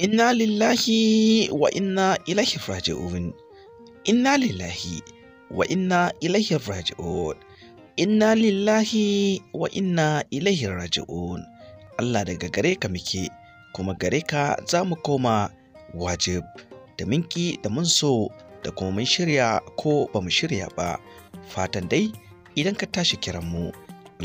Inna lillahi wa inna ilaihi raji'un. Inna lillahi wa inna ilaihi raji'un. Inna lillahi wa inna ilaihi raji'un. Allah daga gare ka muke kuma gare ka za mu koma wajib da minki da mun so da kuma mun shirya ko ba mu shirya ba. Fatan dai idan ka tashi kiran mu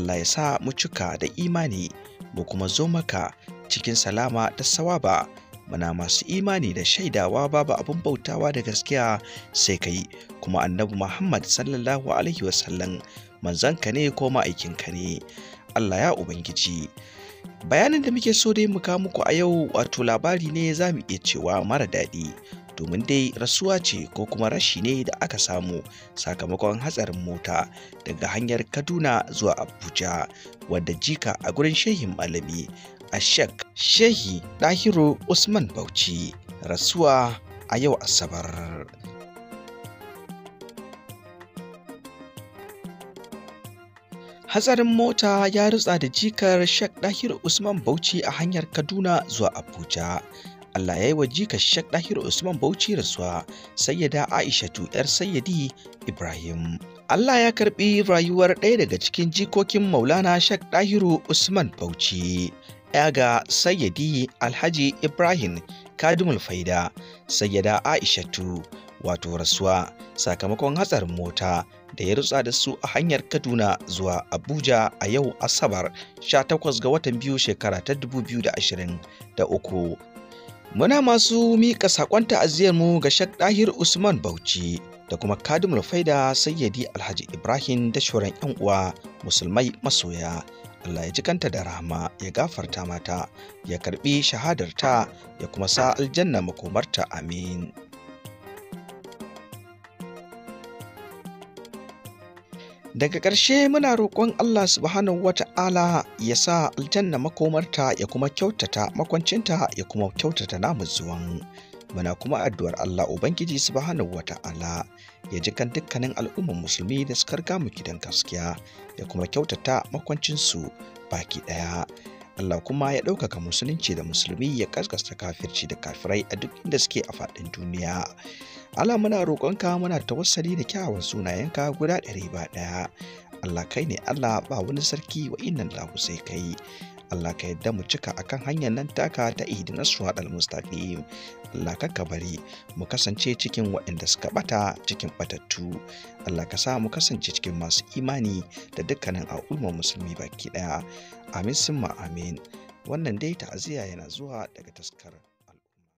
Allah ya sa mu cika da imani mu kuma zo maka cikin salama da sawaba. muna masu imani da shaidawa babu abin bautawa da gaskiya sai kai kuma annabi Muhammad sallallahu alaihi wasallam manzanka ne ko ma'aikinka ne Allah ya ubangiji bayanin da muke so dai mu muku a yau wato labari ne za mu iya cewa mara daɗi domin dai rasuwa ce ko kuma rashi ne da aka samu sakamakon hatsarin mota daga hanyar kaduna zuwa abuja wadda jika a gurin shehin malami ashek shehi ɗahiru usman bauchi rasuwa a yau asabar hatsarin mota ya rutsa da jikar shek ɗahiru usman bauchi a hanyar kaduna zuwa abuja Allah ya yi wa jikar shek Dahir Usman Bauchi rasuwa sayyada Aishatu ‘yar sayyadi Ibrahim. Allah ya karbi rayuwar ɗaya daga cikin jikokin Maulana shek Dahiru Usman Bauchi. 'ya ga sayyadi alhaji ibrahim kadimul faida sayyada aishatu wato rasuwa sakamakon hatsarin mota da ya rutsa da su a hanyar kaduna zuwa abuja a yau asabar 18 ga watan biyu shekara ta 2023 muna masu miƙa saƙon mu ga shak ɗahir usman bauchi da kuma kadimul faida sayyadi alhaji ibrahim da shoran 'yan uwa musulmai masoya Allah ya ji kanta da rahama ya gafarta mata ya karbi shahadarta ya kuma sa aljanna makomarta amin daga ƙarshe muna roƙon Allah subhanahu wata'ala ya sa aljanna makomarta ya kuma kyautata makwancinta ya kuma kyautata namu zuwan muna kuma addu'ar Allah Ubangiji subhanahu wa ta'ala ya ji kan dukkanin al'ummar musulmi da suka riga mu gidan gaskiya ya kuma kyautata makwancinsu baki ɗaya. Allah kuma ya ɗaukaka musulunci da musulmi ya kaskasta kafirci da kafirai a duk inda suke a faɗin duniya. Allah muna roƙonka muna tawassali da kyawawan sunayenka guda ɗari ba ɗaya. Allah kai ne Allah ba wani sarki wa innan lahu sai kai. Allah ka yadda mu cika a kan hanyar nan taka ta na siratal mustaqim Allah ka bari mu kasance cikin waɗanda suka ɓata cikin batattu Allah ka sa mu kasance cikin masu imani da dukkanin al'ummar musulmi baki ɗaya. amin ma amin wannan dai ta'aziyya yana zuwa daga taskar